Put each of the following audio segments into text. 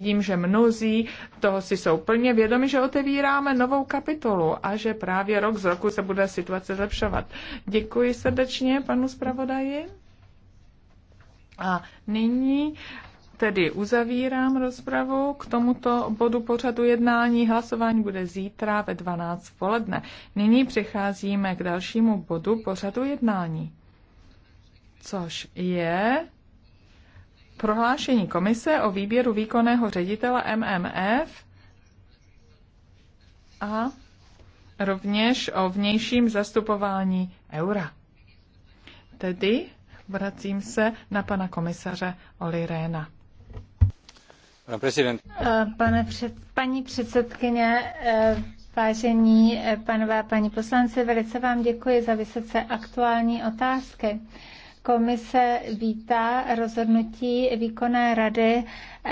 Vidím, že mnozí toho si jsou plně vědomi, že otevíráme novou kapitolu a že právě rok z roku se bude situace zlepšovat. Děkuji srdečně panu zpravodaji. A nyní tedy uzavírám rozpravu k tomuto bodu pořadu jednání. Hlasování bude zítra ve 12 poledne. Nyní přicházíme k dalšímu bodu pořadu jednání, což je Prohlášení komise o výběru výkonného ředitele MMF a rovněž o vnějším zastupování eura. Tedy vracím se na pana komisaře Oli Réna. Pane eh, před, paní předsedkyně, eh, vážení eh, panové a paní poslanci, velice vám děkuji za vysoce aktuální otázky. Komise vítá rozhodnutí výkonné rady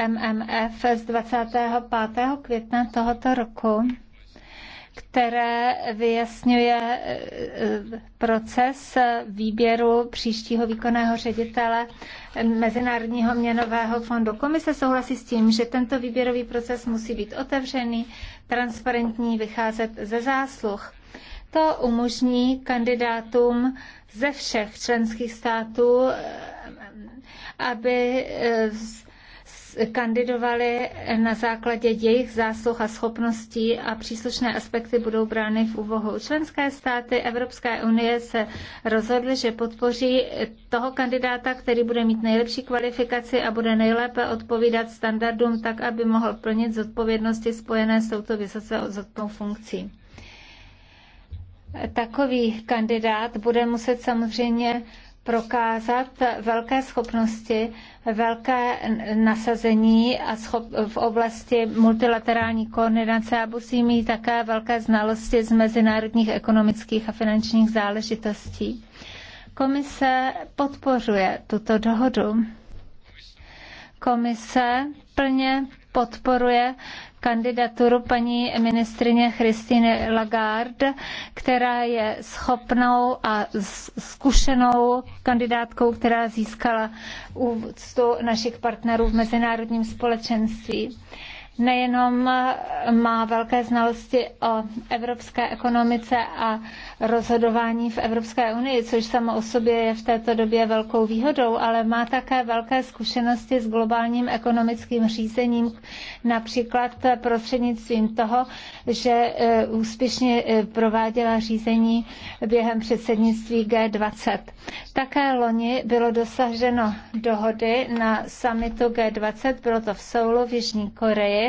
MMF z 25. května tohoto roku, které vyjasňuje eh, proces výběru příštího výkonného ředitele Mezinárodního měnového fondu. Komise souhlasí s tím, že tento výběrový proces musí být otevřený, transparentní, vycházet ze zásluh to umožní kandidátům ze všech členských států, eh, aby eh, kandidovali na základě jejich zásluh a schopností a příslušné aspekty budou brány v úvahu. Členské státy Evropské unie se rozhodly, že podpoří toho kandidáta, který bude mít nejlepší kvalifikaci a bude nejlépe odpovídat standardům tak, aby mohl plnit zodpovědnosti spojené s touto vysoce zodpovědnou funkcí. Takový kandidát bude muset samozřejmě prokázat velké schopnosti, velké nasazení a schop, v oblasti multilaterální koordinace a musí mít také velké znalosti z mezinárodních ekonomických a finančních záležitostí. Komise podpořuje tuto dohodu. Komise plně podporuje kandidaturu paní ministrině Christine Lagarde, která je schopnou a zkušenou kandidátkou, která získala úctu našich partnerů v mezinárodním společenství nejenom má velké znalosti o evropské ekonomice a rozhodování v Evropské unii, což samo o sobě je v této době velkou výhodou, ale má také velké zkušenosti s globálním ekonomickým řízením, například prostřednictvím toho, že e, úspěšně e, prováděla řízení během předsednictví G20. Také loni bylo dosaženo dohody na samitu G20, bylo to v Soulu v Jižní Koreji,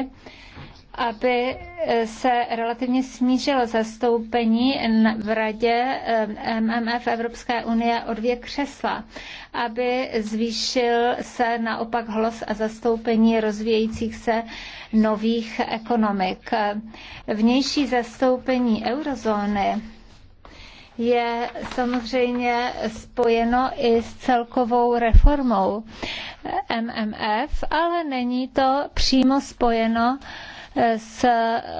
aby eh, se relativně snížilo zastoupení v radě eh, MMF Evropské unie o dvě křesla, aby zvýšil se naopak hlas a zastoupení rozvíjejících se nových ekonomik. Vnější zastoupení eurozóny je samozřejmě spojeno i s celkovou reformou MMF, ale není to přímo spojeno uh, s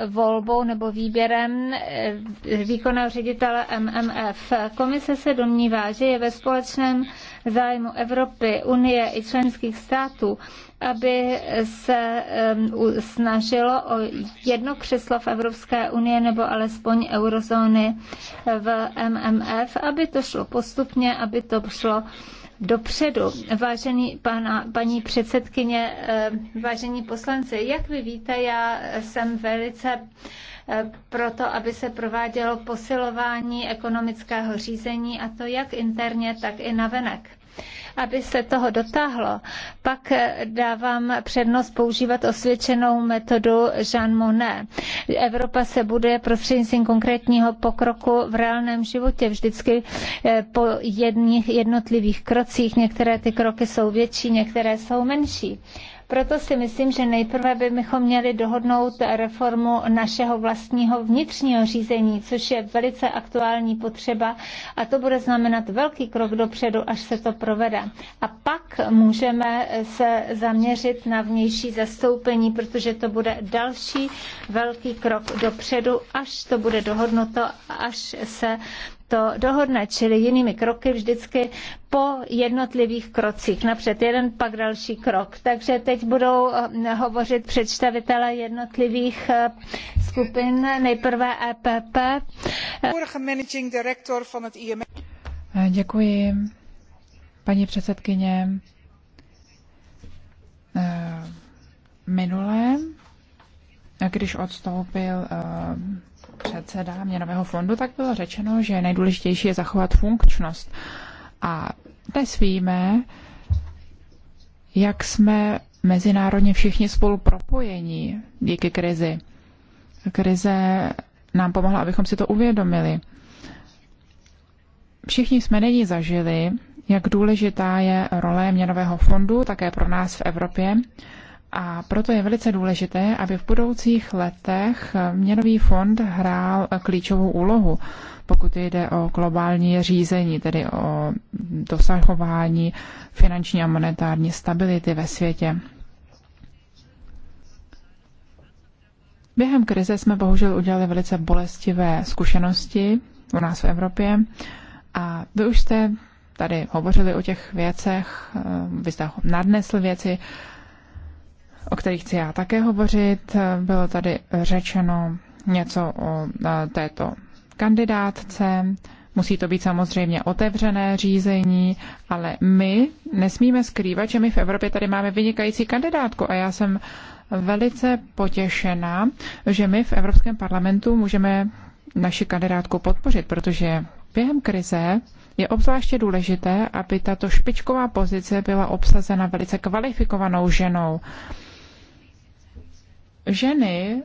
volbou nebo výběrem eh, výkonného ředitele MMF. Komise se domnívá, že je ve společném zájmu Evropy, Unie i členských států, aby se snažilo o jedno křeslo v Evropské unie nebo alespoň eurozóny v MMF, aby to šlo postupně, aby to šlo dopředu. Vážený pana, paní předsedkyně, eh, vážení poslanci, jak vy víte, já jsem velice eh, proto, aby se provádělo posilování ekonomického řízení a to jak interně, tak i navenek aby se toho dotáhlo, pak eh, dávám přednost používat osvědčenou metodu Jean Monnet. Evropa se bude prostřednictvím konkrétního pokroku v reálném životě vždycky eh, po jedných jednotlivých krocích. Některé ty kroky jsou větší, některé jsou menší proto si myslím, že nejprve bychom měli dohodnout reformu našeho vlastního vnitřního řízení, což je velice aktuální potřeba a to bude znamenat velký krok dopředu, až se to provede. A pak můžeme se zaměřit na vnější zastoupení, protože to bude další velký krok dopředu, až to bude dohodnoto, až se to dohodne, čili jinými kroky vždycky po jednotlivých krocích. Napřed jeden, pak další krok. Takže teď budou eh, hovořit představitelé jednotlivých eh, skupin, nejprve EPP. Eh, děkuji, paní předsedkyně. Minulé, když odstoupil předseda Měnového fondu, tak bylo řečeno, že nejdůležitější je zachovat funkčnost. A dnes víme, jak jsme mezinárodně všichni spolu propojení díky krizi. Krize nám pomohla, abychom si to uvědomili. Všichni jsme nyní zažili, jak důležitá je role měnového fondu také pro nás v Evropě a proto je velice důležité, aby v budoucích letech měnový fond hrál klíčovou úlohu, pokud jde o globální řízení, tedy o dosahování finanční a monetární stability ve světě. Během krize jsme bohužel udělali velice bolestivé zkušenosti u nás v Evropě a vy už jste tady hovořili o těch věcech, eh, vy jste nadnesl věci, o kterých chci já také hovořit. Bylo tady řečeno něco o e, této kandidátce. Musí to být samozřejmě otevřené řízení, ale my nesmíme skrývat, že my v Evropě tady máme vynikající kandidátku a já jsem velice potěšená, že my v Evropském parlamentu můžeme naši kandidátku podpořit, protože během krize je obzvláště důležité, aby tato špičková pozice byla obsazena velice kvalifikovanou ženou ženy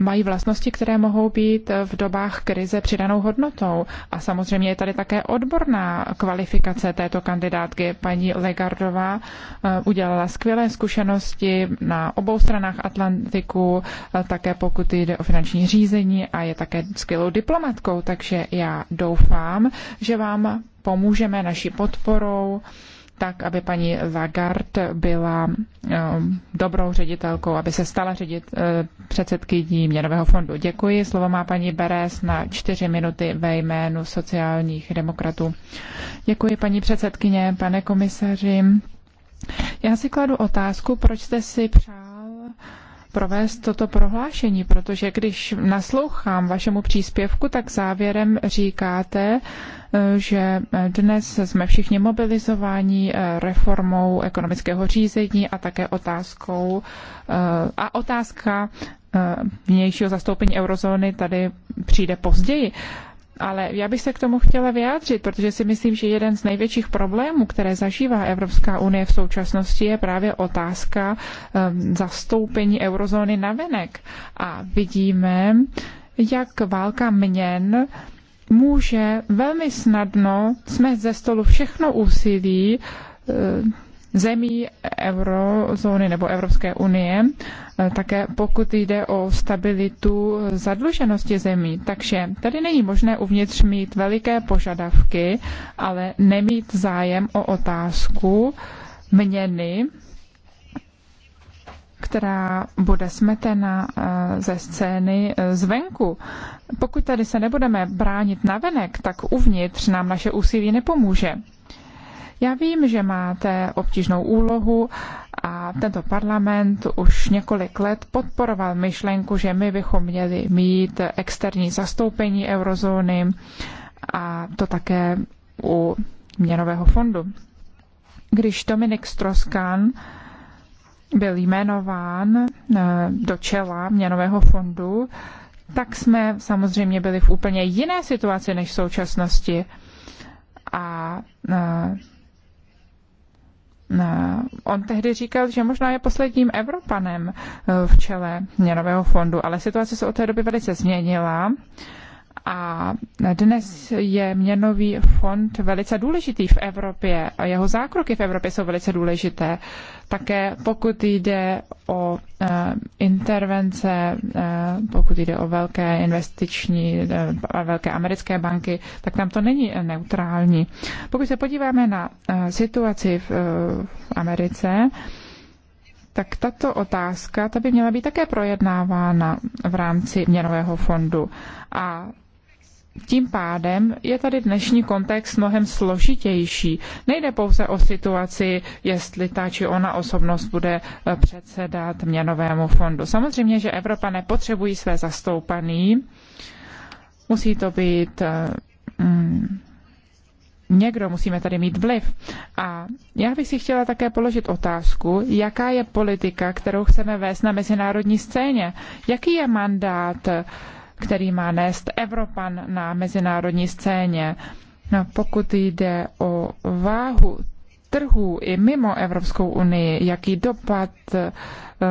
mají vlastnosti, které mohou být v dobách krize přidanou hodnotou. A samozřejmě je tady také odborná kvalifikace této kandidátky. Paní Legardová eh, udělala skvělé zkušenosti na obou stranách Atlantiku, eh, také pokud jde o finanční řízení a je také skvělou diplomatkou, takže já doufám, že vám pomůžeme naší podporou tak, aby paní Lagarde byla eh, dobrou ředitelkou, aby se stala ředit, eh, předsedkyní Měnového fondu. Děkuji. Slovo má paní Beres na čtyři minuty ve jménu sociálních demokratů. Děkuji, paní předsedkyně, pane komisaři. Já si kladu otázku, proč jste si přál provést toto prohlášení, protože když naslouchám vašemu příspěvku, tak závěrem říkáte, eh, že dnes jsme všichni mobilizováni eh, reformou ekonomického řízení a také otázkou eh, a otázka vnějšího zastoupení eurozóny tady přijde později ale já bych se k tomu chtěla vyjádřit, protože si myslím, že jeden z největších problémů, které zažívá Evropská unie v současnosti, je právě otázka ehm, zastoupení eurozóny na venek. A vidíme, jak válka měn může velmi snadno smést ze stolu všechno úsilí ehm, zemí eurozóny nebo Evropské unie, e, také pokud jde o stabilitu zadluženosti zemí. Takže tady není možné uvnitř mít veliké požadavky, ale nemít zájem o otázku měny, která bude smetena e, ze scény e, zvenku. Pokud tady se nebudeme bránit navenek, tak uvnitř nám naše úsilí nepomůže. Já vím, že máte obtížnou úlohu a tento parlament už několik let podporoval myšlenku, že my bychom měli mít externí zastoupení eurozóny a to také u měnového fondu. Když Dominik Stroskan byl jmenován eh, do čela měnového fondu, tak jsme samozřejmě byli v úplně jiné situaci než v současnosti. A eh, On tehdy říkal, že možná je posledním Evropanem eh, v čele měnového fondu, ale situace se od té doby velice změnila. A dnes je měnový fond velice důležitý v Evropě a jeho zákroky v Evropě jsou velice důležité. Také pokud jde o eh, intervence, eh, pokud jde o velké investiční a eh, velké americké banky, tak tam to není neutrální. Pokud se podíváme na situaci v, Americe, tak tato otázka ta by měla být také projednávána v rámci měnového fondu. A tím pádem je tady dnešní kontext mnohem složitější. Nejde pouze o situaci, jestli ta či ona osobnost bude eh, předsedat měnovému fondu. Samozřejmě, že Evropa nepotřebují své zastoupaný. Musí to být eh, mm, někdo, musíme tady mít vliv. A já bych si chtěla také položit otázku, jaká je politika, kterou chceme vést na mezinárodní scéně. Jaký je mandát který má nést Evropan na mezinárodní scéně. No, pokud jde o váhu trhů i mimo Evropskou unii, jaký dopad eh,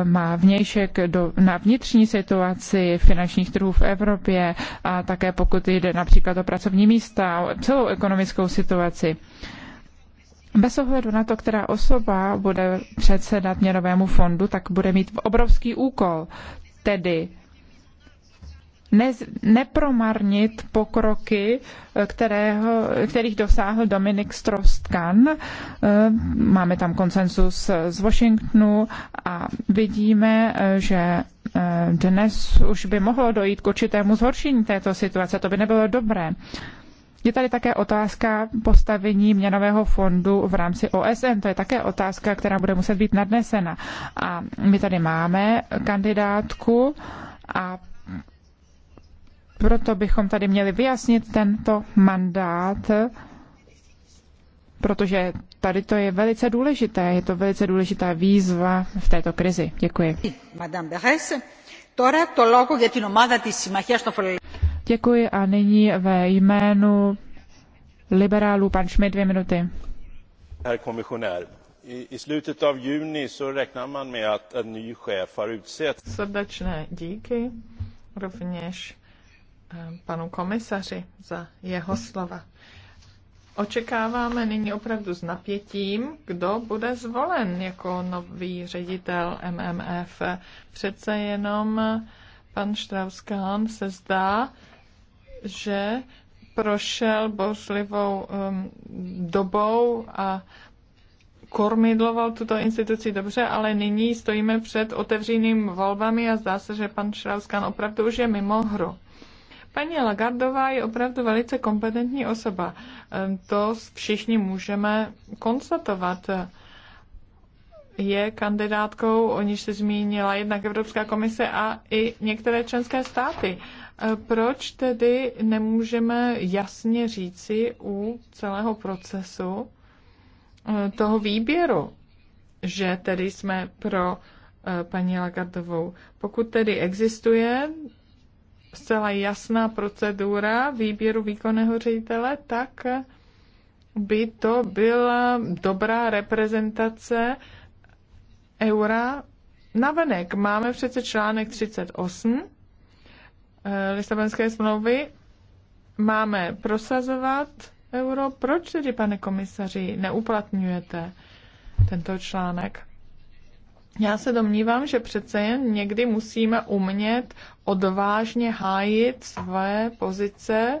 má vnějšek do, na vnitřní situaci finančních trhů v Evropě a také pokud jde například o pracovní místa, o celou ekonomickou situaci. Bez ohledu na to, která osoba bude předsedat měnovému fondu, tak bude mít obrovský úkol, tedy ne, nepromarnit pokroky, eh, kterého, kterých dosáhl Dominik Strostkan. Eh, máme tam konsensus z Washingtonu a vidíme, eh, že dnes už by mohlo dojít k určitému zhoršení této situace. To by nebylo dobré. Je tady také otázka postavení měnového fondu v rámci OSN. To je také otázka, která bude muset být nadnesena. A my tady máme kandidátku a proto bychom tady měli vyjasnit tento mandát, protože tady to je velice důležité, je to velice důležitá výzva v této krizi. Děkuji. Děkuji a nyní ve jménu liberálů pan Schmidt dvě minuty. Srdečné díky. Rovněž panu komisaři za jeho slova. Očekáváme nyní opravdu s napětím, kdo bude zvolen jako nový ředitel MMF. Přece jenom pan Štrauskán se zdá, že prošel bořlivou um, dobou a kormidloval tuto instituci dobře, ale nyní stojíme před otevřeným volbami a zdá se, že pan Štrauskán opravdu už je mimo hru. Paní Lagardová je opravdu velice kompetentní osoba. To všichni můžeme konstatovat. Je kandidátkou, o níž se zmínila jednak Evropská komise a i některé členské státy. E, proč tedy nemůžeme jasně říci u celého procesu e, toho výběru, že tedy jsme pro e, paní Lagardovou. Pokud tedy existuje zcela jasná procedura výběru výkonného ředitele, tak by to byla dobrá reprezentace eura venek. Máme přece článek 38 eh, Lisabonské smlouvy. Máme prosazovat euro. Proč tedy, pane komisaři, neuplatňujete tento článek? Já se domnívám, že přece jen někdy musíme umět odvážně hájit své pozice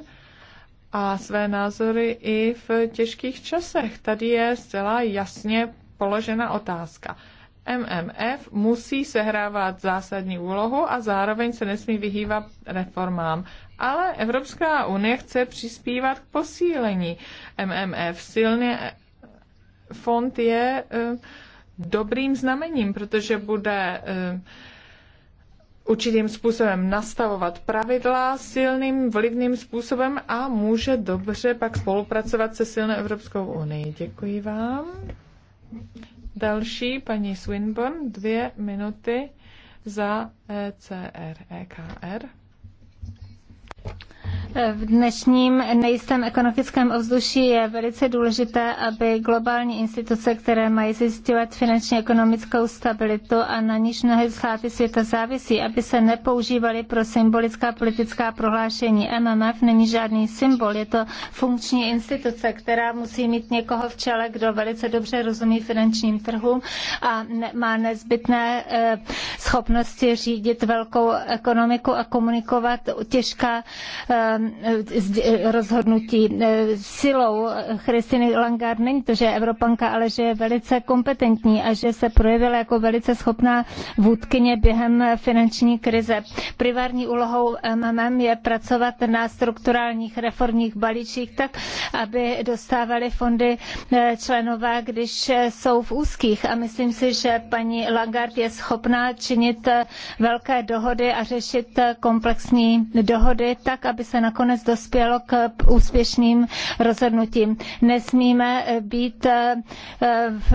a své názory i v těžkých časech. Tady je zcela jasně položena otázka. MMF musí sehrávat zásadní úlohu a zároveň se nesmí vyhývat reformám. Ale Evropská unie chce přispívat k posílení MMF. Silně fond je uh, dobrým znamením, protože bude eh, určitým způsobem nastavovat pravidla silným, vlivným způsobem a může dobře pak spolupracovat se silnou Evropskou unii. Děkuji vám. Další, paní Swinburne, dvě minuty za ECR, EKR. V dnešním nejistém ekonomickém ovzduší je velice důležité, aby globální instituce, které mají zjistovat finančně ekonomickou stabilitu a na níž mnohé státy světa závisí, aby se nepoužívaly pro symbolická politická prohlášení. MMF není žádný symbol, je to funkční instituce, která musí mít někoho v čele, kdo velice dobře rozumí finančním trhům a má nezbytné eh, schopnosti řídit velkou ekonomiku a komunikovat těžká eh, Eh, eh, rozhodnutí. Eh, silou Christiny Langard není to, že je Evropanka, ale že je velice kompetentní a že se projevila jako velice schopná vůdkyně během finanční krize. Privární úlohou MMM je pracovat na strukturálních reformních balíčích tak, aby dostávali fondy členové, když jsou v úzkých. A myslím si, že paní Langard je schopná činit velké dohody a řešit komplexní dohody tak, aby se na nakonec dospělo k úspěšným rozhodnutím. Nesmíme být eh,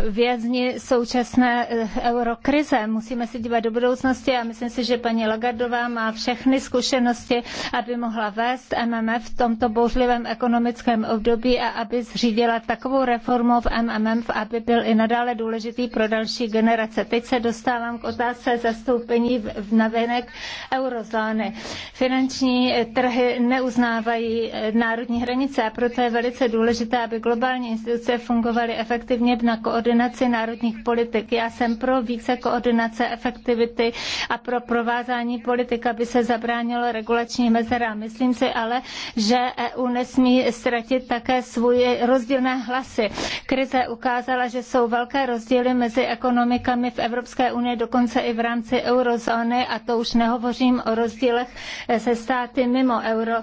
vězni současné eh, eurokrize. Musíme se dívat do budoucnosti a myslím si, že paní Lagardová má všechny zkušenosti, aby mohla vést MMF v tomto bouřlivém ekonomickém období a aby zřídila takovou reformu v MMF, aby byl i nadále důležitý pro další generace. Teď se dostávám k otázce zastoupení v navenek eurozóny. Finanční trhy ne neuznávají eh, národní hranice a proto je velice důležité, aby globální instituce fungovaly efektivně na koordinaci národních politik. Já jsem pro více koordinace efektivity a pro provázání politik, aby se zabránilo regulační mezera. Myslím si ale, že EU nesmí ztratit také svůj rozdílné hlasy. Krize ukázala, že jsou velké rozdíly mezi ekonomikami v Evropské unii, dokonce i v rámci eurozóny a to už nehovořím o rozdílech eh, se státy mimo euro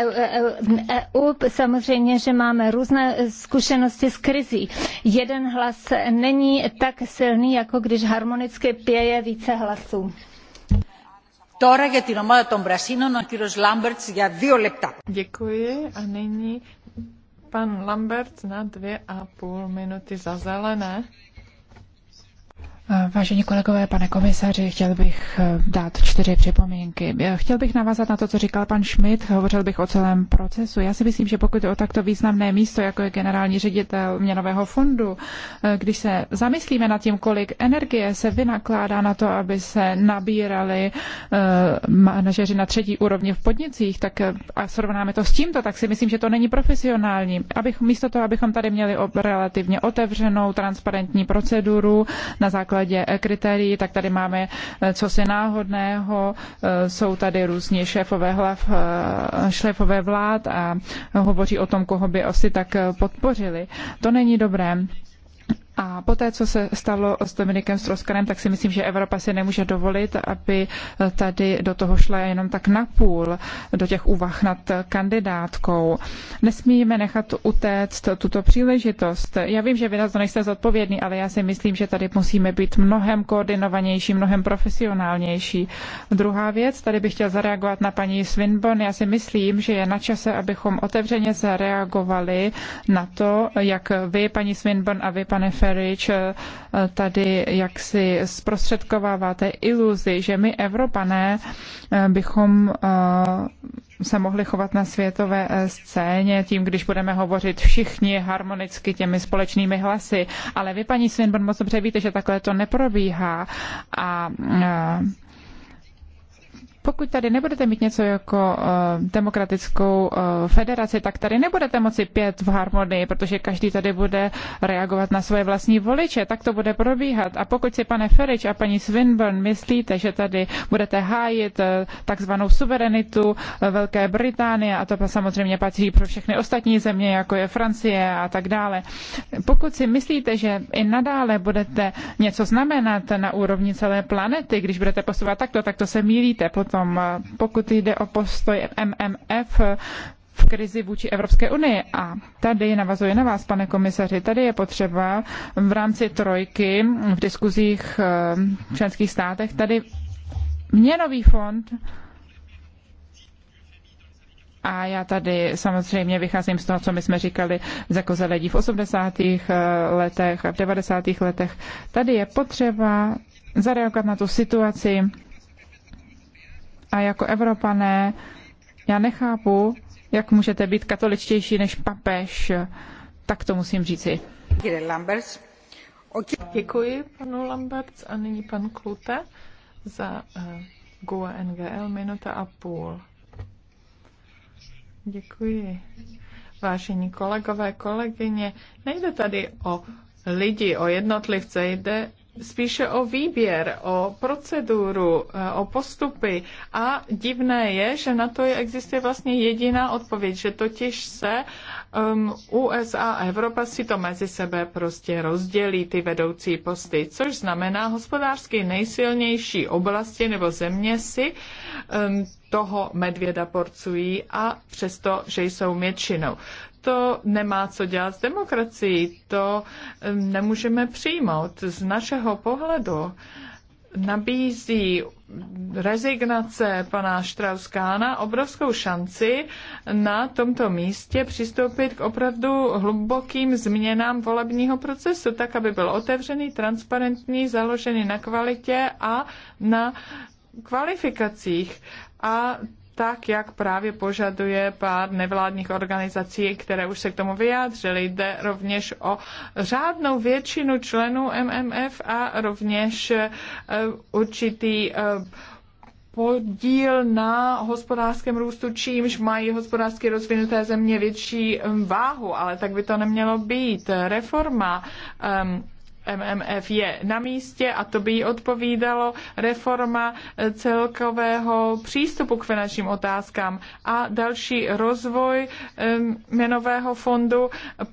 EU. E, e, e, samozřejmě, že máme různé zkušenosti s krizí. Jeden hlas není tak silný, jako když harmonicky pěje více hlasů. Τώρα για την ομάδα των Πρασίνων, ο κύριος Λάμπερτς για δύο λεπτά. Děkuji a nyní pan Lambert na dvě a půl minuty za zelené. Vážení kolegové, pane komisaři, chtěl bych eh, dát čtyři připomínky. Eh, chtěl bych navázat na to, co říkal pan Schmidt, hovořil bych o celém procesu. Já si myslím, že pokud je o takto významné místo, jako je generální ředitel měnového fondu, eh, když se zamyslíme nad tím, kolik energie se vynakládá na to, aby se nabírali manažeři na třetí úrovni v podnicích, tak a srovnáme to s tímto, tak si myslím, že to není profesionální. Abych, místo toho, abychom tady měli relativně otevřenou, transparentní proceduru na základě základě eh, kritérií, tak tady máme eh, co si náhodného, eh, jsou tady různě šéfové, hlav, šéfové vlád a hovoří o tom, koho by asi tak podpořili. To není dobré. A poté, co se stalo s Dominikem Stroskanem, tak si myslím, že Evropa si nemůže dovolit, aby tady do toho šla jenom tak napůl do těch úvah nad kandidátkou. Nesmíme nechat utéct tuto příležitost. Já vím, že vy na to nejste zodpovědný, ale já si myslím, že tady musíme být mnohem koordinovanější, mnohem profesionálnější. Druhá věc, tady bych chtěl zareagovat na paní Swinburne. Já si myslím, že je na čase, abychom otevřeně zareagovali na to, jak vy, paní Swinburne a vy, pane Fe, Ferrič eh, tady jaksi zprostředkovává té iluzi, že my Evropané eh, bychom eh, se mohli chovat na světové scéně tím, když budeme hovořit všichni harmonicky těmi společnými hlasy. Ale vy, paní Svinborn, moc dobře víte, že takhle to neprobíhá. A, a pokud tady nebudete mít něco jako uh, demokratickou uh, federaci, tak tady nebudete moci pět v harmonii, protože každý tady bude reagovat na svoje vlastní voliče. Tak to bude probíhat. A pokud si, pane Ferič a paní Swinburne, myslíte, že tady budete hájit uh, takzvanou suverenitu uh, Velké Británie, a to samozřejmě patří pro všechny ostatní země, jako je Francie a tak dále. Pokud si myslíte, že i nadále budete něco znamenat na úrovni celé planety, když budete posouvat takto, tak to se mílíte. Potom Potom, pokud jde o postoj MMF, v krizi vůči Evropské unii. A tady navazuje na vás, pane komisaři, tady je potřeba v rámci trojky v diskuzích eh, v členských státech tady měnový fond a já tady samozřejmě vycházím z toho, co my jsme říkali za kozeledí v 80. Eh, letech a v 90. letech. Tady je potřeba zareagovat na tu situaci a jako Evropané já nechápu, jak můžete být katoličtější než papež. Tak to musím říci. Děkuji panu Lamberts a nyní pan Klute za eh, GUA NGL minuta a půl. Děkuji. Vážení kolegové, kolegyně, nejde tady o lidi, o jednotlivce, jde spíše o výběr, o proceduru, eh, o postupy. A divné je, že na to existuje vlastně jediná odpověď, že totiž se um, ehm, USA a Evropa si to mezi sebe prostě rozdělí, ty vedoucí posty, což znamená hospodářsky nejsilnější oblasti nebo země si um, toho medvěda porcují a přesto, že jsou většinou to nemá co dělat s demokracií. To nemůžeme přijmout. Z našeho pohledu nabízí rezignace pana Štrauskána obrovskou šanci na tomto místě přistoupit k opravdu hlubokým změnám volebního procesu, tak aby byl otevřený, transparentní, založený na kvalitě a na kvalifikacích. A tak, jak právě požaduje pár nevládních organizací, které už se k tomu vyjádřily. Jde rovněž o řádnou většinu členů MMF a rovněž eh, určitý eh, podíl na hospodářském růstu, čímž mají hospodářsky rozvinuté země větší eh, váhu, ale tak by to nemělo být. Reforma um, MMF je na místě a to by jí odpovídalo reforma eh, celkového přístupu k finančním otázkám a další rozvoj eh, měnového fondu eh,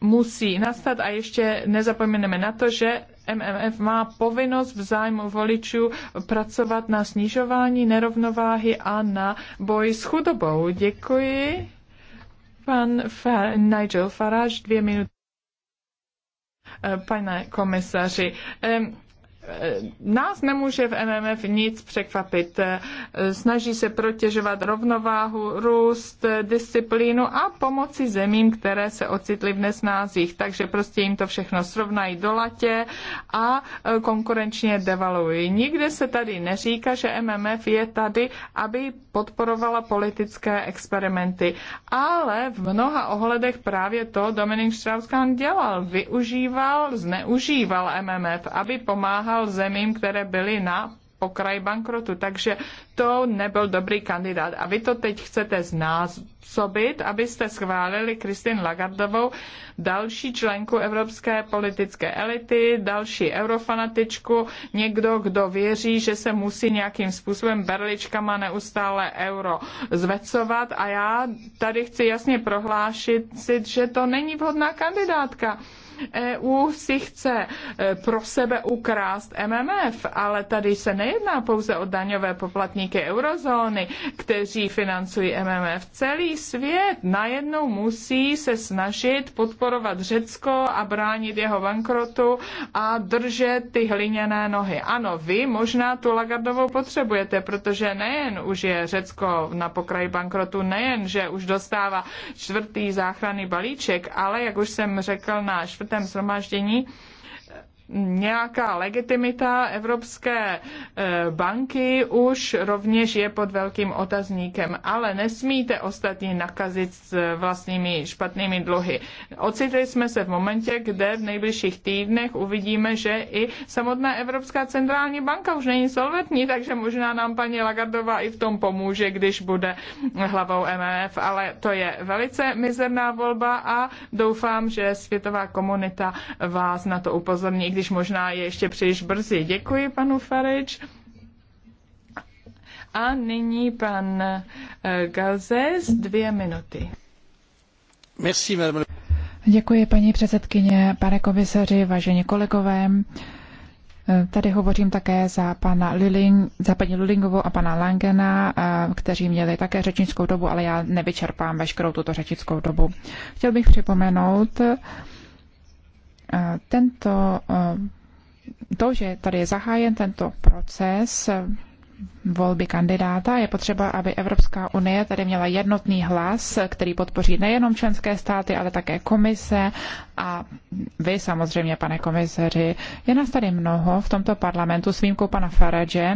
musí nastat a ještě nezapomeneme na to, že MMF má povinnost v zájmu voličů pracovat na snižování nerovnováhy a na boj s chudobou. Děkuji. Pan Nigel Farage, dvě minuty. Eh, pane komisaři nás nemůže v MMF nic překvapit. Snaží se protěžovat rovnováhu, růst, disciplínu a pomoci zemím, které se ocitly v nesnázích. Takže prostě jim to všechno srovnají do latě a konkurenčně devalují. Nikde se tady neříká, že MMF je tady, aby podporovala politické experimenty. Ale v mnoha ohledech právě to Dominik Strauss-Kahn dělal. Využíval, zneužíval MMF, aby pomáhal pomáhal zemím, které byly na pokraj bankrotu, takže to nebyl dobrý kandidát. A vy to teď chcete znásobit, abyste schválili Kristin Lagardovou, další členku evropské politické elity, další eurofanatičku, někdo, kdo věří, že se musí nějakým způsobem berličkama neustále euro zvecovat a já tady chci jasně prohlášit, že to není vhodná kandidátka EU si chce e, pro sebe ukrást MMF, ale tady se nejedná pouze o daňové poplatníky eurozóny, kteří financují MMF. Celý svět najednou musí se snažit podporovat Řecko a bránit jeho bankrotu a držet ty hliněné nohy. Ano, vy možná tu Lagardovou potřebujete, protože nejen už je Řecko na pokraji bankrotu, nejen, že už dostává čtvrtý záchranný balíček, ale jak už jsem řekl, náš čtvrtém zhromáždění nějaká legitimita Evropské eh, banky už rovněž je pod velkým otazníkem, ale nesmíte ostatní nakazit s vlastními špatnými dluhy. Ocitli jsme se v momentě, kde v nejbližších týdnech uvidíme, že i samotná Evropská centrální banka už není solventní, takže možná nám paní Lagardová i v tom pomůže, když bude hlavou MMF, e ale to je velice mizerná volba a doufám, že světová komunita vás na to upozorní, když možná je ještě příliš brzy. Děkuji panu Farič. A nyní pan eh, Galzes, dvě minuty. Merci, madame. Děkuji, paní předsedkyně, pane komisaři, vážení kolegové. Eh, tady hovořím také za, pana Liling, za paní Lulingovou a pana Langena, eh, kteří měli také řečnickou dobu, ale já nevyčerpám veškerou tuto řečnickou dobu. Chtěl bych připomenout, tento, to, že tady je zahájen tento proces volby kandidáta, je potřeba, aby Evropská unie tady měla jednotný hlas, který podpoří nejenom členské státy, ale také komise a vy samozřejmě, pane komiseři, je nás tady mnoho v tomto parlamentu s výjimkou pana Farage,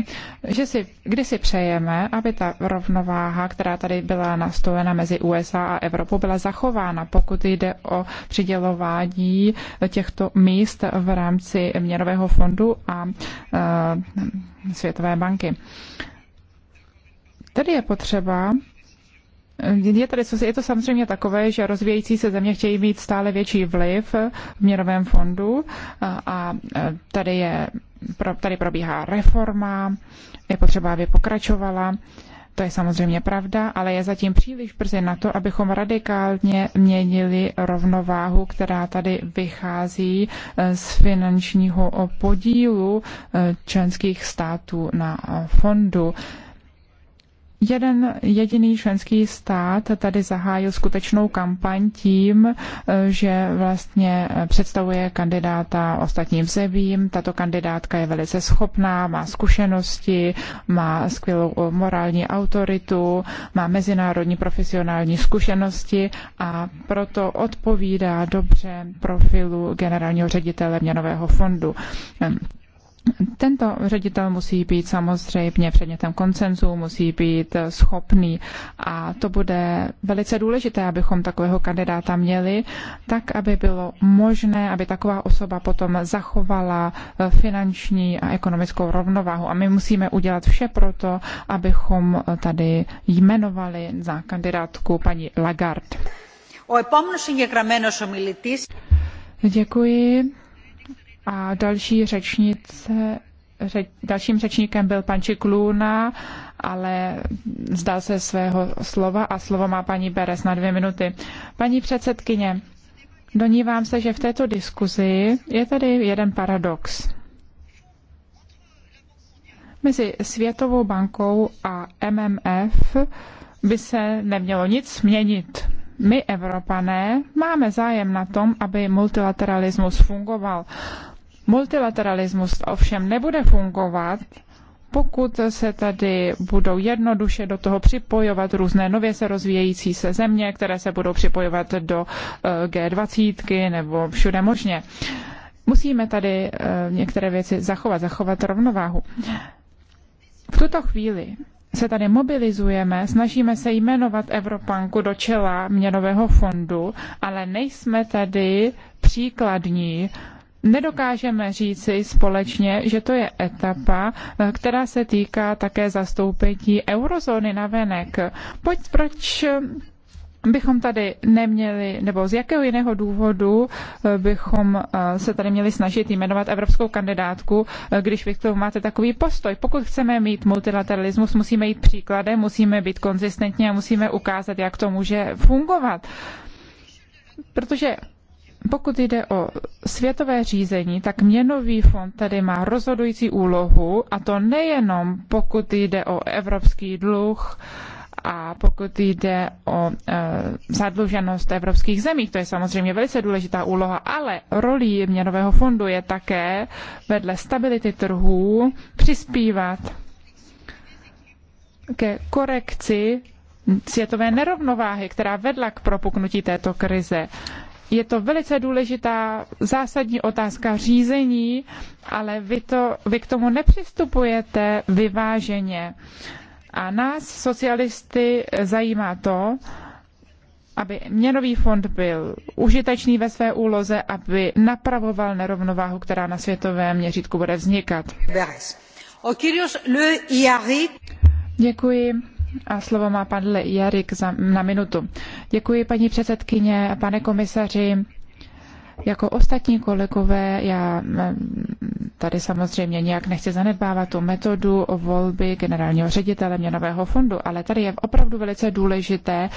že si, kdy si přejeme, aby ta rovnováha, která tady byla nastolena mezi USA a Evropou, byla zachována, pokud jde o přidělování těchto míst v rámci Měnového fondu a e, Světové banky. Tady je potřeba Eh, je, tady, je to samozřejmě takové, že rozvíjející se země chtějí mít stále větší vliv eh, v měrovém fondu eh, a tady, je, tady probíhá reforma, je potřeba, aby pokračovala. To je samozřejmě pravda, ale je zatím příliš brzy na to, abychom radikálně měnili rovnováhu, která tady vychází z finančního podílu členských států na fondu. Jeden jediný členský stát tady zahájil skutečnou kampaň tím, eh, že vlastně eh, představuje kandidáta ostatním zemím. Tato kandidátka je velice schopná, má zkušenosti, má skvělou eh, morální autoritu, má mezinárodní profesionální zkušenosti a proto odpovídá dobře profilu generálního ředitele Měnového fondu ehm, tento ředitel musí být samozřejmě předmětem koncenzu, musí být schopný a to bude velice důležité, abychom takového kandidáta měli, tak aby bylo možné, aby taková osoba potom zachovala finanční a ekonomickou rovnováhu. A my musíme udělat vše proto, abychom tady jmenovali za kandidátku paní Lagarde. Děkuji. A další řečnice, řeč, dalším řečníkem byl pan Čiklůna, ale zdal se svého slova a slovo má paní Beres na dvě minuty. Paní předsedkyně, donívám se, že v této diskuzi je tady jeden paradox. Mezi Světovou bankou a MMF by se nemělo nic měnit. My, Evropané, máme zájem na tom, aby multilateralismus fungoval. Multilateralismus ovšem nebude fungovat, pokud se tady budou jednoduše do toho připojovat různé nově se rozvíjející se země, které se budou připojovat do eh, G20 nebo všude možně. Musíme tady eh, některé věci zachovat, zachovat rovnováhu. V tuto chvíli se tady mobilizujeme, snažíme se jmenovat Evropanku do čela měnového fondu, ale nejsme tady příkladní nedokážeme říci společně, že to je etapa, která se týká také zastoupení eurozóny na venek. Pojď, proč bychom tady neměli, nebo z jakého jiného důvodu bychom eh, se tady měli snažit jmenovat evropskou kandidátku, eh, když vy k tomu máte takový postoj. Pokud chceme mít multilateralismus, musíme jít příkladem, musíme být konzistentní a musíme ukázat, jak to může fungovat. Protože pokud jde o světové řízení, tak měnový fond tady má rozhodující úlohu a to nejenom pokud jde o evropský dluh a pokud jde o e, zadluženost evropských zemí, to je samozřejmě velice důležitá úloha, ale rolí měnového fondu je také vedle stability trhů přispívat ke korekci světové nerovnováhy, která vedla k propuknutí této krize. Je to velice důležitá zásadní otázka řízení, ale vy, to, vy k tomu nepřistupujete vyváženě. A nás, socialisty, zajímá to, aby měnový fond byl užitečný ve své úloze, aby napravoval nerovnováhu, která na světovém měřítku bude vznikat. Děkuji. A slovo má pan Jarik za, na minutu. Děkuji, paní předsedkyně, pane komisaři. Jako ostatní kolegové, já mm, tady samozřejmě nějak nechci zanedbávat tu metodu o volby generálního ředitele měnového fondu, ale tady je opravdu velice důležité,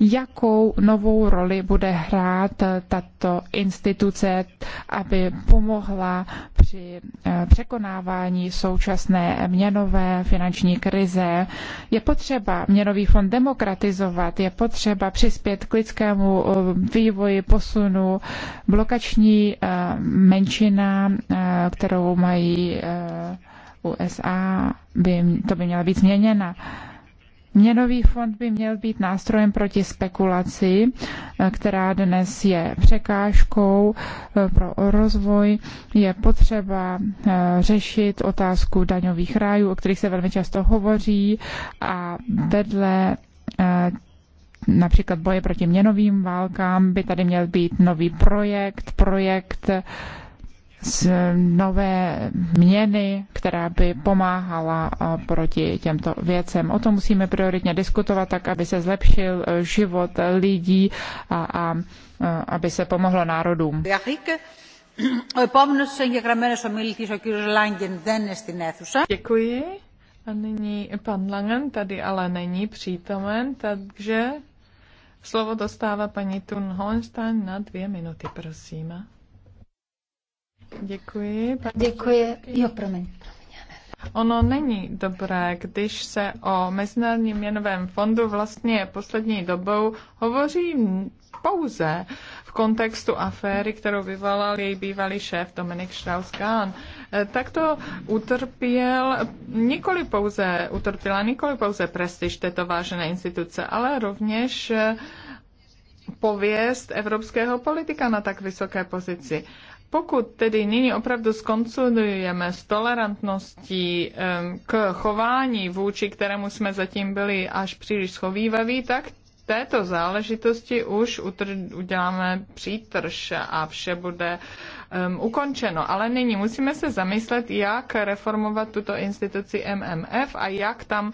jakou novou roli bude hrát tato instituce, aby pomohla při eh, překonávání současné měnové finanční krize. Je potřeba měnový fond demokratizovat, je potřeba přispět k lidskému eh, vývoji, posunu, blokační eh, menšina, kterou mají USA, by, to by měla být změněna. Měnový fond by měl být nástrojem proti spekulaci, eh, která dnes je překážkou eh, pro rozvoj. Je potřeba eh, řešit otázku daňových rájů, o kterých se velmi často hovoří a vedle například boje proti měnovým válkám by tady měl být nový projekt, projekt z nové měny, která by pomáhala proti těmto věcem. O tom musíme prioritně diskutovat, tak aby se zlepšil e, život lidí a, a e, aby se pomohlo národům. E, Děkuji. A nyní pan Langen tady ale není přítomen, takže slovo dostává paní Thun Holstein na dvě minuty, prosím. Děkuji. Pane Děkuji. Jo, promiň. Ono není dobré, když se o Mezinárodním měnovém fondu vlastně poslední dobou hovoří pouze v kontextu aféry, kterou vyvolal její bývalý šéf Dominik Strauss-Kahn. Takto utrpěl nikoli pouze, utrpěla nikoli pouze prestiž této vážené instituce, ale rovněž pověst evropského politika na tak vysoké pozici. Pokud tedy nyní opravdu skonsolidujeme s tolerantností k chování, vůči kterému jsme zatím byli až příliš schovývaví, tak této záležitosti už utr- uděláme přítrž a vše bude um, ukončeno. Ale nyní musíme se zamyslet, jak reformovat tuto instituci MMF a jak tam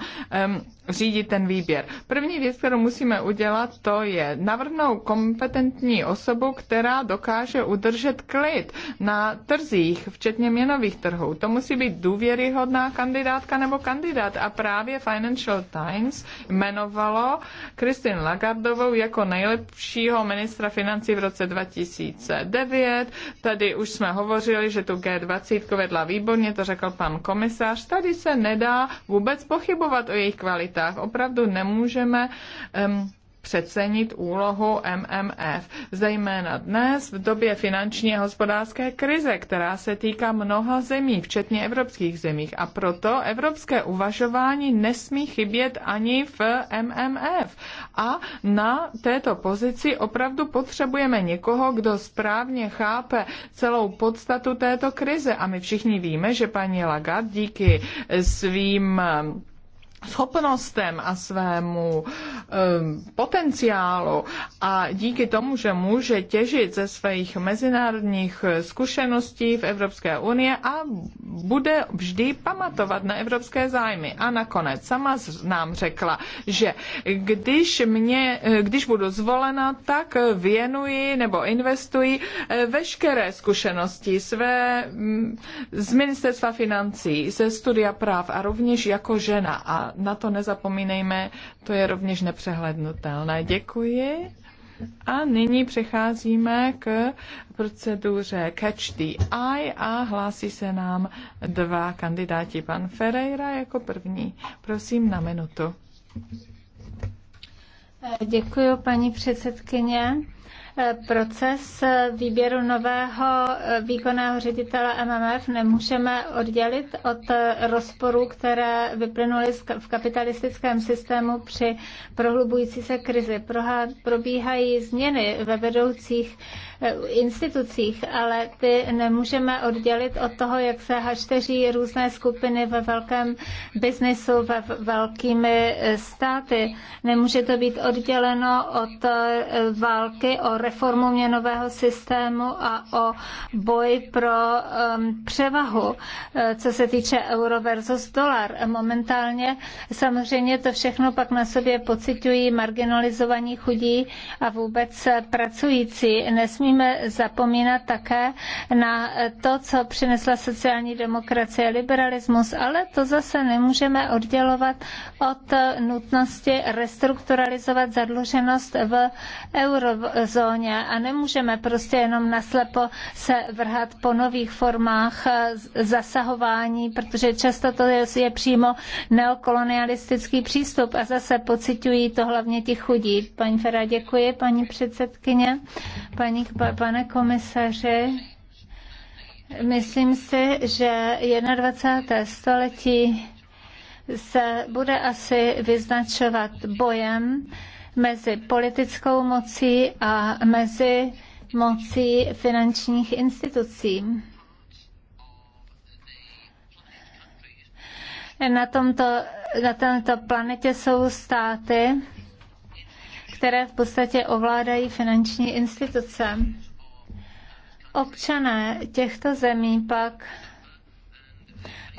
um, řídit ten výběr. První věc, kterou musíme udělat, to je navrhnout kompetentní osobu, která dokáže udržet klid na trzích, včetně měnových trhů. To musí být důvěryhodná kandidátka nebo kandidát. A právě Financial Times jmenovalo Kristin Lagardovou jako nejlepšího ministra financí v roce 2009. Tady g už jsme hovořili, že tu G20 vedla výborně, to řekl pan komisař. Tady se nedá vůbec pochybovat o jejich kvalitách. Opravdu nemůžeme um, přecenit úlohu MMF, zejména dnes v době finanční a hospodářské krize, která se týká mnoha zemí, včetně evropských zemích. A proto evropské uvažování nesmí chybět ani v MMF. A na této pozici opravdu potřebujeme někoho, kdo správně chápe celou podstatu této krize. A my všichni víme, že paní Lagarde díky svým schopnostem a svému um, potenciálu a díky tomu, že může těžit ze svých mezinárodních zkušeností v Evropské unii a bude vždy pamatovat na evropské zájmy. A nakonec sama nám řekla, že když, mě, eh, když budu zvolena, tak věnuji nebo investuji eh, veškeré zkušenosti své mm, z ministerstva financí, ze studia práv a rovněž jako žena a na to nezapomínejme, to je rovněž nepřehlednutelné. Děkuji. A nyní přecházíme k proceduře Catch the Eye a hlásí se nám dva kandidáti. Pan Ferreira jako první. Prosím na minutu. Děkuji, paní předsedkyně proces výběru nového výkonného ředitele MMF nemůžeme oddělit od rozporů, které vyplynuly v kapitalistickém systému při prohlubující se krizi. Probíhají změny ve vedoucích eh, institucích, ale ty nemůžeme oddělit od toho, jak se hašteří různé skupiny ve velkém biznesu, ve velkými eh, státy. Nemůže to být odděleno od eh, války, o reformu měnového systému a o boj pro um, převahu, uh, co se týče euro versus dolar. Momentálně samozřejmě to všechno pak na sobě pocitují marginalizovaní chudí a vůbec pracující. Nesmíme zapomínat také na to, co přinesla sociální demokracie, liberalismus, ale to zase nemůžeme oddělovat od nutnosti restrukturalizovat zadluženost v euro sezóně a nemůžeme prostě jenom naslepo se vrhat po nových formách eh, zasahování, protože často to je, je přímo neokolonialistický přístup a zase pocitují to hlavně ti chudí. Paní Fera, děkuji, paní předsedkyně, paní, pane komisaři. Myslím si, že 21. století se bude asi vyznačovat bojem, mezi politickou mocí a mezi mocí finančních institucí. Na tomto, na tomto planetě jsou státy, které v podstatě ovládají finanční instituce. Občané těchto zemí pak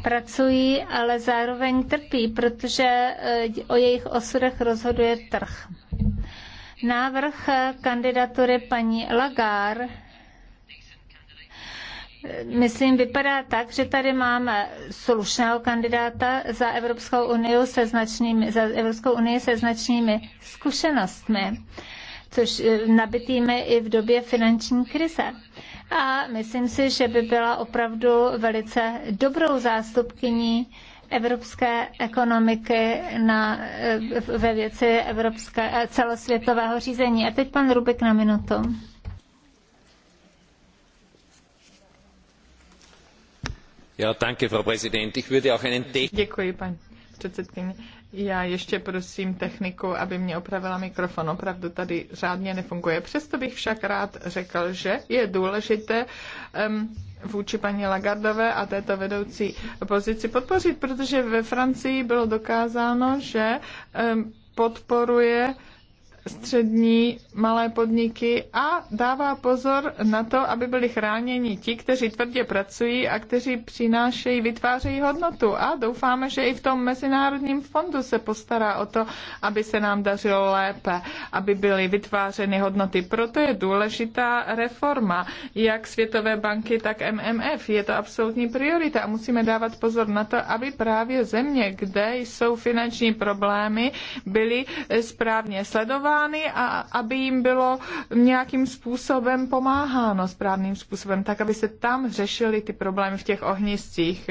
pracují, ale zároveň trpí, protože eh, o jejich osudech rozhoduje trh. Návrh kandidatury paní Lagarde myslím, vypadá tak, že tady máme slušného kandidáta za Evropskou unii se značnými, za Evropskou unii se značnými zkušenostmi, což eh, nabitými i v době finanční krize. A myslím si, že by byla opravdu velice dobrou zástupkyní evropské ekonomiky na, eh, ve věci evropské, eh, celosvětového řízení. A teď pan Rubik na minutu. Ja, danke, Frau Ich würde auch einen Děkuji, paní předsedkyně. Já ještě prosím techniku, aby mě opravila mikrofon. Opravdu tady řádně nefunguje. Přesto bych však rád řekl, že je důležité um, vůči paní Lagardové a této vedoucí pozici podpořit, protože ve Francii bylo dokázáno, že um, podporuje uh, střední malé podniky a dává pozor na to, aby byli chráněni ti, kteří tvrdě pracují a kteří přinášejí, vytvářejí hodnotu. A doufáme, že i v tom Mezinárodním fondu se postará o to, aby se nám dařilo lépe, aby byly vytvářeny hodnoty. Proto je důležitá reforma, jak Světové banky, tak MMF. Je to absolutní priorita a musíme dávat pozor na to, aby právě země, kde jsou finanční problémy, byly správně sledovány kontrolovány a aby jim bylo nějakým způsobem pomáháno, správným způsobem, tak aby se tam řešily ty problémy v těch ohniscích.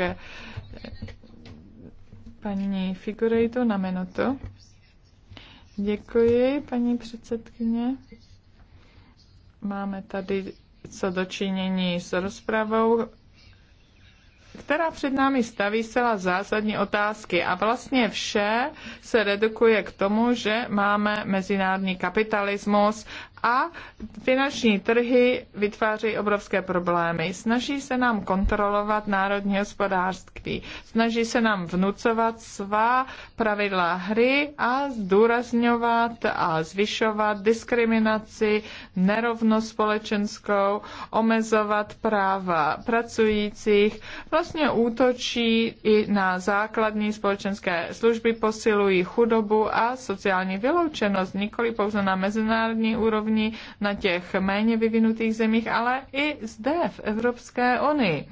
Paní Figurejto na minutu. Děkuji, paní předsedkyně. Máme tady co dočinění s rozpravou která před námi staví zcela zásadní otázky. A vlastně vše se redukuje k tomu, že máme mezinárodní kapitalismus a finanční trhy vytvářejí obrovské problémy. Snaží se nám kontrolovat národní hospodářství, snaží se nám vnucovat svá pravidla hry a zdůrazňovat a zvyšovat diskriminaci, nerovnost společenskou, omezovat práva pracujících, vlastně útočí i na základní společenské služby, posilují chudobu a sociální vyloučenost, nikoli pouze na mezinárodní úrovni, úrovni na těch méně vyvinutých zemích, ale i zde v Evropské unii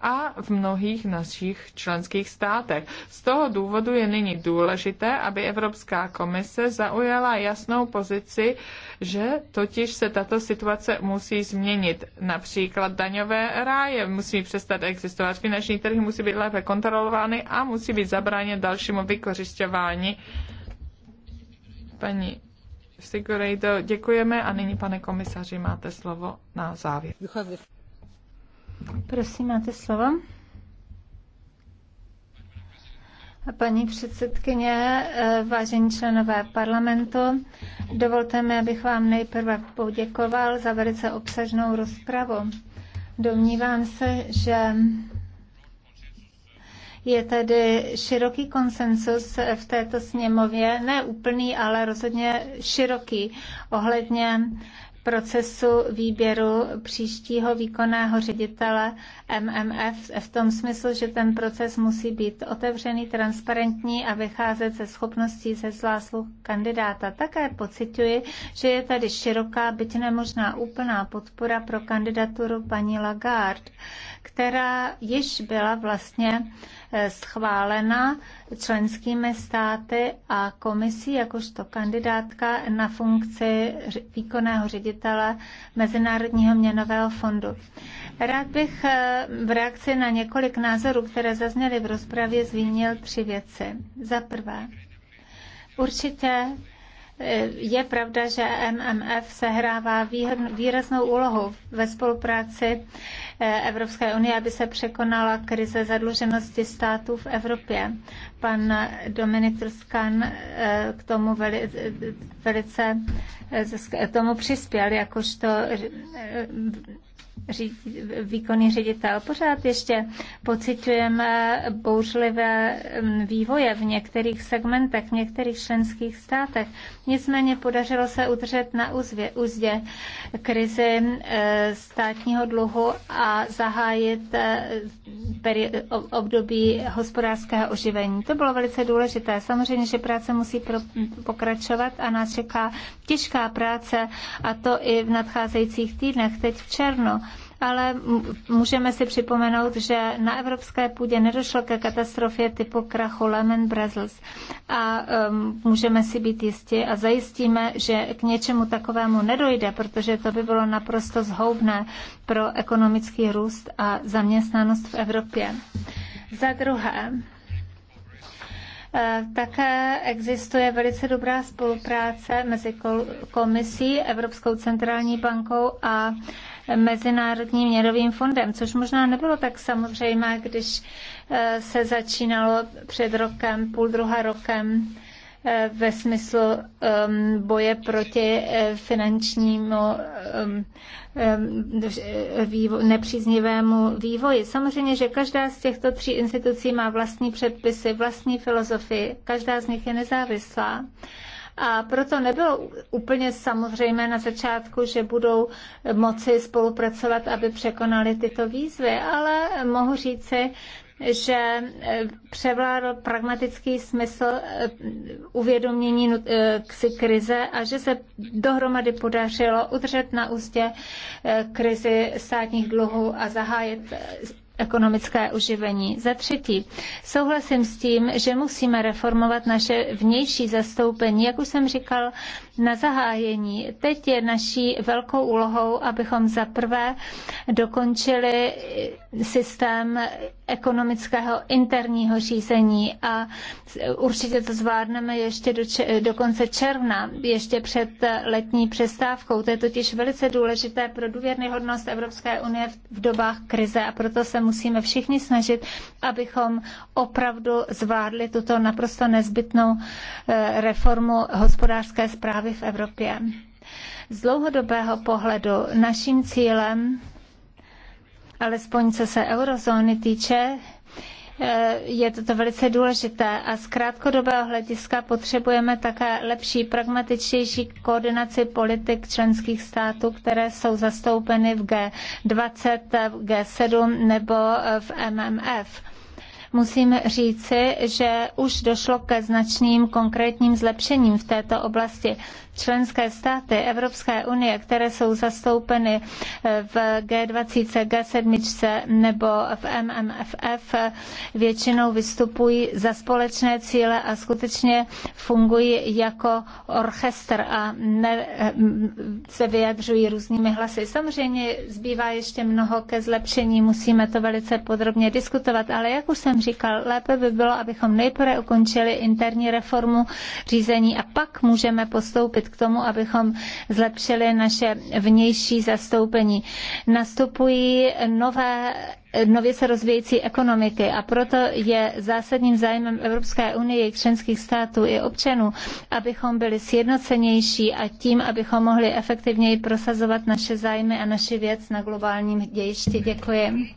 a v mnohých našich členských státech. Z toho důvodu je nyní důležité, aby Evropská komise zaujala jasnou pozici, že totiž se tato situace musí změnit. Například daňové ráje musí přestat existovat, finanční trhy musí být lépe kontrolovány a musí být zabráněn dalšímu vykořišťování. Paní Sigurejdo, děkujeme a nyní, pane komisaři, máte slovo na závěr. Prosím, máte slovo. Paní předsedkyně, eh, vážení členové parlamentu, dovolte mi, abych vám nejprve poděkoval za velice obsažnou rozpravu. Domnívám se, že je tedy široký konsensus v této sněmově, ne úplný, ale rozhodně široký ohledně procesu výběru příštího výkonného ředitele MMF v tom smyslu, že ten proces musí být otevřený, transparentní a vycházet ze schopností ze zláslu kandidáta. Také pocituji, že je tady široká, byť nemožná úplná podpora pro kandidaturu paní Lagarde která již byla vlastně eh, schválena členskými státy a komisí jakožto kandidátka na funkci výkonného ředitele Mezinárodního měnového fondu. Rád bych eh, v reakci na několik názorů, které zazněly v rozpravě, zmínil tři věci. Za prvé, určitě eh, je pravda, že MMF sehrává výraznou úlohu ve spolupráci Evropské unie, aby se překonala krize zadluženosti států v Evropě. Pan Dominik Truskan eh, k tomu veli, velice eh, tomu přispěl, jakožto eh, výkonný ředitel. Pořád ještě pociťujeme bouřlivé mm, vývoje v některých segmentech, v některých členských státech. Nicméně podařilo se udržet na úzvě, úzdě krizi e, státního dluhu a zahájit e, období hospodářského oživení. To bylo velice důležité. Samozřejmě, že práce musí pokračovat a nás čeká těžká práce a to i v nadcházejících týdnech. Teď v červnu ale můžeme si připomenout, že na evropské půdě nedošlo ke katastrofě typu krachu Lehman Brothers a um, můžeme si být jistí a zajistíme, že k něčemu takovému nedojde, protože to by bylo naprosto zhoubné pro ekonomický růst a zaměstnanost v Evropě. Za druhé, e, také existuje velice dobrá spolupráce mezi komisí, Evropskou centrální bankou a Mezinárodním měnovým fondem, což možná nebylo tak samozřejmé, když eh, se začínalo před rokem, půl druha rokem eh, ve smyslu um, boje proti eh, finančnímu um, vývo- nepříznivému vývoji. Samozřejmě, že každá z těchto tří institucí má vlastní předpisy, vlastní filozofii, každá z nich je nezávislá a proto nebylo úplně samozřejmé na začátku, že budou moci spolupracovat, aby překonali tyto výzvy, ale mohu říci, že e, převládl pragmatický smysl e, uvědomění e, si krize a že se dohromady podařilo udržet na ústě krizi státních dluhů a zahájit ekonomické uživení. Za třetí, souhlasím s tím, že musíme reformovat naše vnější zastoupení. Jak už jsem říkal na zahájení. Teď je naší velkou úlohou, abychom za prvé dokončili systém ekonomického interního řízení a určitě to zvládneme ještě do, do konce června, ještě před letní přestávkou. To je totiž velice důležité pro důvěryhodnost Evropské unie v dobách krize a proto se musíme všichni snažit, abychom opravdu zvládli tuto naprosto nezbytnou eh, reformu hospodářské zprávy zprávy v Evropě. Z dlouhodobého pohledu naším cílem, alespoň co se eurozóny týče, eh, je toto velice důležité a z krátkodobého hlediska potřebujeme také lepší, pragmatičtější koordinaci politik členských států, které jsou zastoupeny v G20, v G7 nebo eh, v MMF Musím říci, že už došlo ke značným konkrétním zlepšením v této oblasti členské státy Evropské unie, které jsou zastoupeny eh, v G20, G7 nebo v MMFF, většinou vystupují za společné cíle a skutečně fungují jako orchestr a ne, eh, se vyjadřují různými hlasy. Samozřejmě zbývá ještě mnoho ke zlepšení, musíme to velice podrobně diskutovat, ale jak už jsem říkal, lépe by bylo, abychom nejprve ukončili interní reformu řízení a pak můžeme postoupit k tomu, abychom zlepšili naše vnější zastoupení. Nastupují nové nově se rozvíjející ekonomiky a proto je zásadním zájmem Evropské unie, jejich členských států i občanů, abychom byli sjednocenější a tím, abychom mohli efektivněji prosazovat naše zájmy a naši věc na globálním dějišti. Děkuji.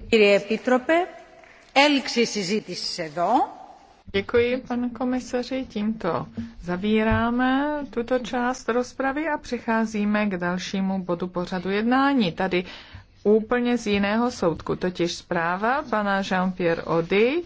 Děkuji, pane komisaři. Tímto zavíráme tuto část rozpravy a přecházíme k dalšímu bodu pořadu jednání. Tady úplně z jiného soudku, totiž zpráva pana Jean-Pierre Ody.